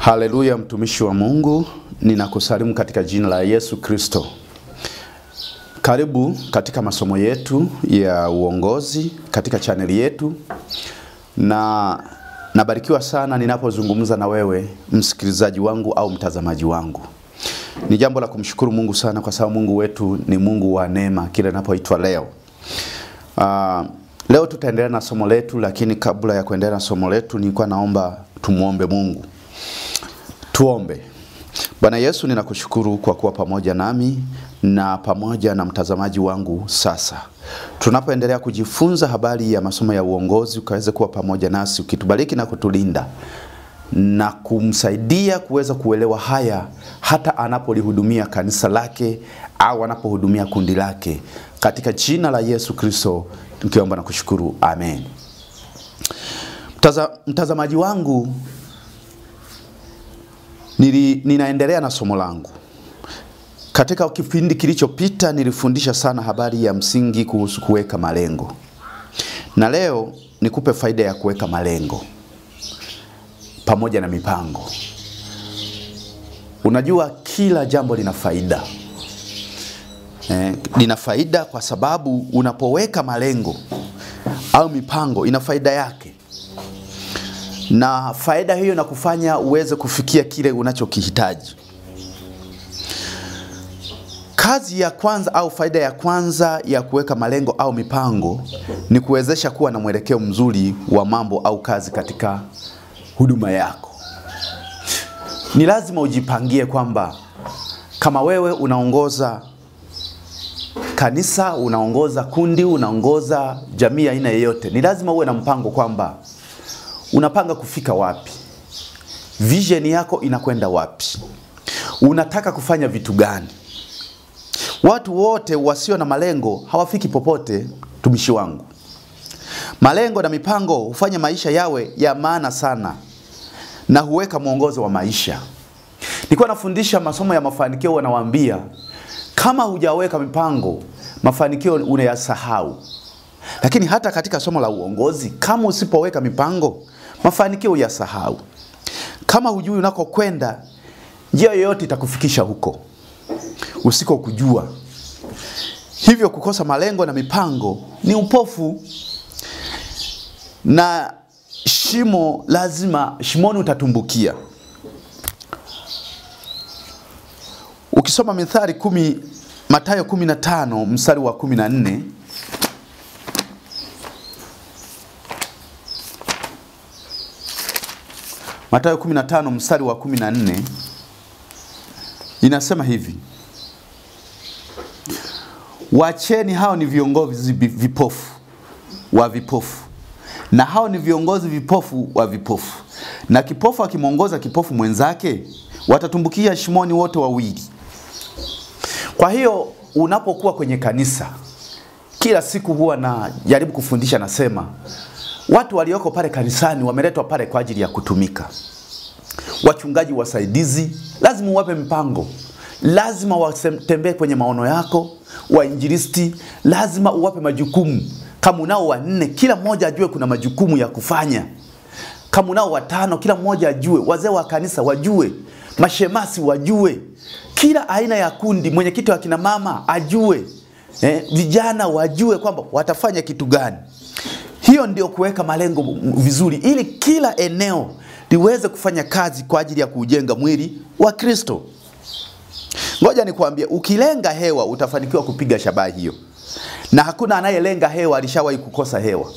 Haleluya, mtumishi wa Mungu, ninakusalimu katika jina la Yesu Kristo. Karibu katika masomo yetu ya uongozi katika chaneli yetu, na nabarikiwa sana ninapozungumza na wewe msikilizaji wangu au mtazamaji wangu. Ni jambo la kumshukuru Mungu sana, kwa sababu Mungu wetu ni Mungu wa neema kila inapoitwa leo. Uh, leo tutaendelea na somo letu, lakini kabla ya kuendelea na somo letu, nilikuwa naomba tumwombe Mungu. Tuombe. Bwana Yesu, ninakushukuru kwa kuwa pamoja nami na pamoja na mtazamaji wangu sasa tunapoendelea kujifunza habari ya masomo ya uongozi, ukaweze kuwa pamoja nasi ukitubariki na kutulinda na kumsaidia kuweza kuelewa haya hata anapolihudumia kanisa lake au anapohudumia kundi lake, katika jina la Yesu Kristo tukiomba na kushukuru, amen. Mtazamaji wangu Nili, ninaendelea na somo langu. Katika kipindi kilichopita nilifundisha sana habari ya msingi kuhusu kuweka malengo, na leo nikupe faida ya kuweka malengo pamoja na mipango. Unajua, kila jambo lina faida eh, lina faida kwa sababu unapoweka malengo au mipango ina faida yake na faida hiyo na kufanya uweze kufikia kile unachokihitaji. Kazi ya kwanza au faida ya kwanza ya kuweka malengo au mipango ni kuwezesha kuwa na mwelekeo mzuri wa mambo au kazi katika huduma yako. Ni lazima ujipangie kwamba kama wewe unaongoza kanisa, unaongoza kundi, unaongoza jamii aina yoyote, ni lazima uwe na mpango kwamba unapanga kufika wapi, vision yako inakwenda wapi, unataka kufanya vitu gani. Watu wote wasio na malengo hawafiki popote, mtumishi wangu. Malengo na mipango hufanya maisha yawe ya maana sana na huweka mwongozo wa maisha. Nilikuwa nafundisha masomo ya mafanikio, wanawaambia kama hujaweka mipango, mafanikio unayasahau. Lakini hata katika somo la uongozi, kama usipoweka mipango, Mafanikio uyasahau. Kama hujui unakokwenda, njia yoyote itakufikisha huko usikokujua. Hivyo kukosa malengo na mipango ni upofu, na shimo lazima, shimoni utatumbukia. Ukisoma Mithali kumi, Mathayo tano mstari wa kumi na nne Mathayo 15 mstari wa 14 inasema hivi, wacheni hao ni viongozi vipofu wa vipofu, na hao ni viongozi vipofu wa vipofu, na kipofu akimwongoza kipofu mwenzake watatumbukia shimoni wote wawili. Kwa hiyo unapokuwa kwenye kanisa kila siku huwa na jaribu kufundisha, nasema Watu walioko pale kanisani wameletwa pale kwa ajili ya kutumika. Wachungaji wasaidizi, lazima uwape mpango, lazima watembee kwenye maono yako. Wainjilisti lazima uwape majukumu. Kama unao wanne, kila mmoja ajue kuna majukumu ya kufanya. Kama unao watano, kila mmoja ajue. Wazee wa kanisa wajue, mashemasi wajue, kila aina ya kundi, mwenyekiti wa kina mama ajue, eh, vijana wajue kwamba watafanya kitu gani. Hiyo ndio kuweka malengo vizuri, ili kila eneo liweze kufanya kazi kwa ajili ya kuujenga mwili wa Kristo. Ngoja nikwambie, ukilenga hewa utafanikiwa kupiga shabaha hiyo, na hakuna anayelenga hewa alishawahi kukosa hewa.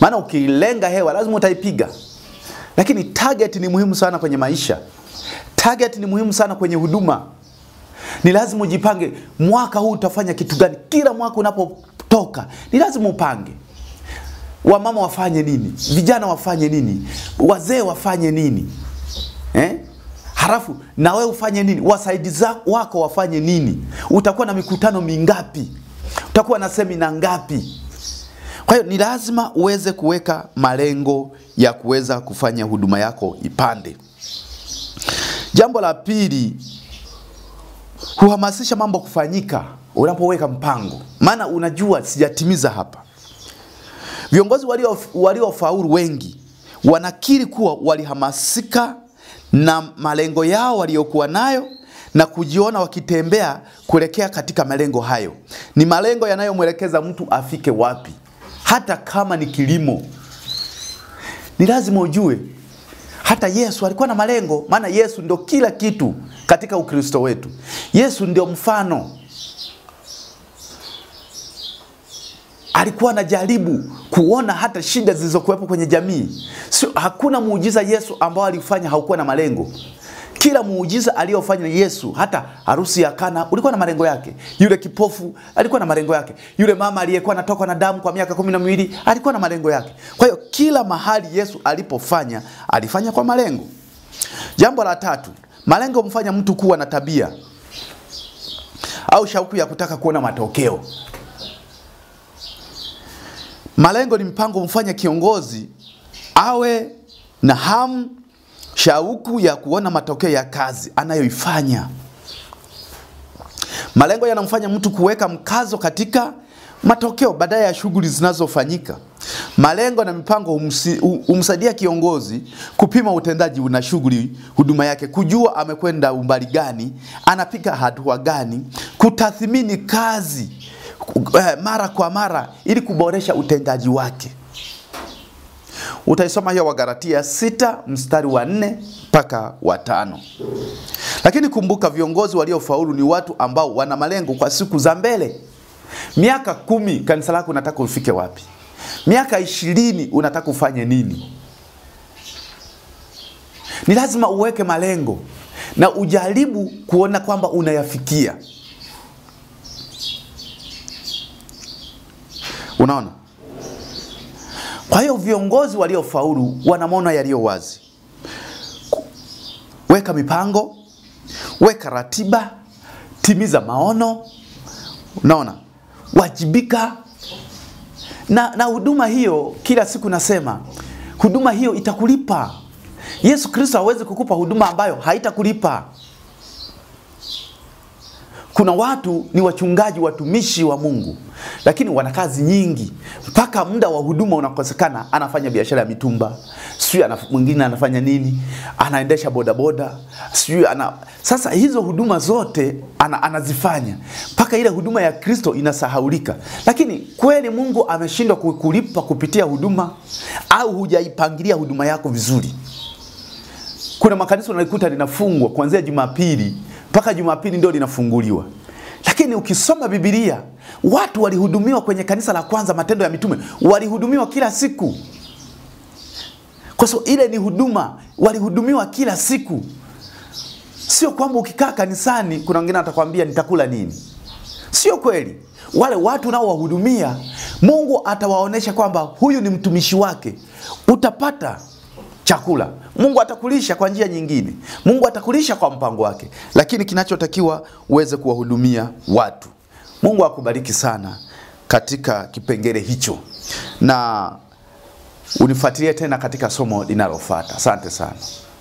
Maana ukilenga hewa lazima utaipiga. Lakini target ni muhimu sana kwenye maisha, target ni muhimu sana kwenye huduma. Ni lazima ujipange, mwaka huu utafanya kitu gani? Kila mwaka unapotoka ni lazima upange wamama wafanye nini, vijana wafanye nini, wazee wafanye nini eh? Halafu na wewe ufanye nini, wasaidizi wako wafanye nini, utakuwa na mikutano mingapi, utakuwa na semina ngapi? Kwa hiyo ni lazima uweze kuweka malengo ya kuweza kufanya huduma yako ipande. Jambo la pili, huhamasisha mambo kufanyika unapoweka mpango, maana unajua sijatimiza hapa Viongozi waliofaulu faulu wengi wanakiri kuwa walihamasika na malengo yao waliokuwa nayo na kujiona wakitembea kuelekea katika malengo hayo. Ni malengo yanayomwelekeza mtu afike wapi. Hata kama ni kilimo, ni lazima ujue hata Yesu alikuwa na malengo, maana Yesu ndio kila kitu katika Ukristo wetu. Yesu ndio mfano alikuwa anajaribu kuona hata shida zilizokuwepo kwenye jamii. Sio, hakuna muujiza Yesu ambao alifanya haukuwa na malengo. Kila muujiza aliyofanya Yesu, hata harusi ya Kana ulikuwa na malengo yake, yule kipofu alikuwa na malengo yake, yule mama aliyekuwa anatokwa na damu kwa miaka kumi na miwili alikuwa na malengo yake. Kwa hiyo kila mahali Yesu alipofanya alifanya kwa malengo. Jambo la tatu, malengo humfanya mtu kuwa na tabia au shauku ya kutaka kuona matokeo. Malengo ni mpango mfanya kiongozi awe na hamu, shauku ya kuona matokeo ya kazi anayoifanya. Malengo yanamfanya mtu kuweka mkazo katika matokeo badala ya shughuli zinazofanyika. Malengo na mipango humsaidia kiongozi kupima utendaji na shughuli huduma yake, kujua amekwenda umbali gani, anapiga hatua gani, kutathmini kazi Eh, mara kwa mara ili kuboresha utendaji wake. Utaisoma hiyo Wagalatia sita mstari wa nne mpaka wa tano. Lakini kumbuka, viongozi waliofaulu ni watu ambao wana malengo kwa siku za mbele. Miaka kumi kanisa lako unataka ufike wapi? Miaka ishirini unataka ufanye nini? Ni lazima uweke malengo na ujaribu kuona kwamba unayafikia. Unaona? Kwa hiyo viongozi waliofaulu wanamona yaliyo wazi. Weka mipango, weka ratiba, timiza maono, unaona, wajibika na, na huduma hiyo. Kila siku nasema huduma hiyo itakulipa. Yesu Kristo hawezi kukupa huduma ambayo haitakulipa. Kuna watu ni wachungaji, watumishi wa Mungu, lakini wana kazi nyingi, mpaka muda wa huduma unakosekana. Anafanya biashara ya mitumba, sijui anaf, mwingine anafanya nini, anaendesha bodaboda, sijui ana. Sasa hizo huduma zote ana, anazifanya mpaka ile huduma ya Kristo inasahaulika. Lakini kweli Mungu ameshindwa kukulipa kupitia huduma, au hujaipangilia huduma yako vizuri? Kuna makanisa unaikuta linafungwa kuanzia Jumapili mpaka Jumapili ndio linafunguliwa. Lakini ukisoma Biblia, watu walihudumiwa kwenye kanisa la kwanza, Matendo ya Mitume, walihudumiwa kila siku, kwa sababu ile ni huduma, walihudumiwa kila siku. Sio kwamba ukikaa kanisani, kuna wengine atakwambia nitakula nini. Sio kweli. Wale watu nao wahudumia, Mungu atawaonesha kwamba huyu ni mtumishi wake, utapata chakula. Mungu atakulisha kwa njia nyingine, Mungu atakulisha kwa mpango wake, lakini kinachotakiwa uweze kuwahudumia watu. Mungu akubariki sana katika kipengele hicho, na unifuatilie tena katika somo linalofuata. Asante sana.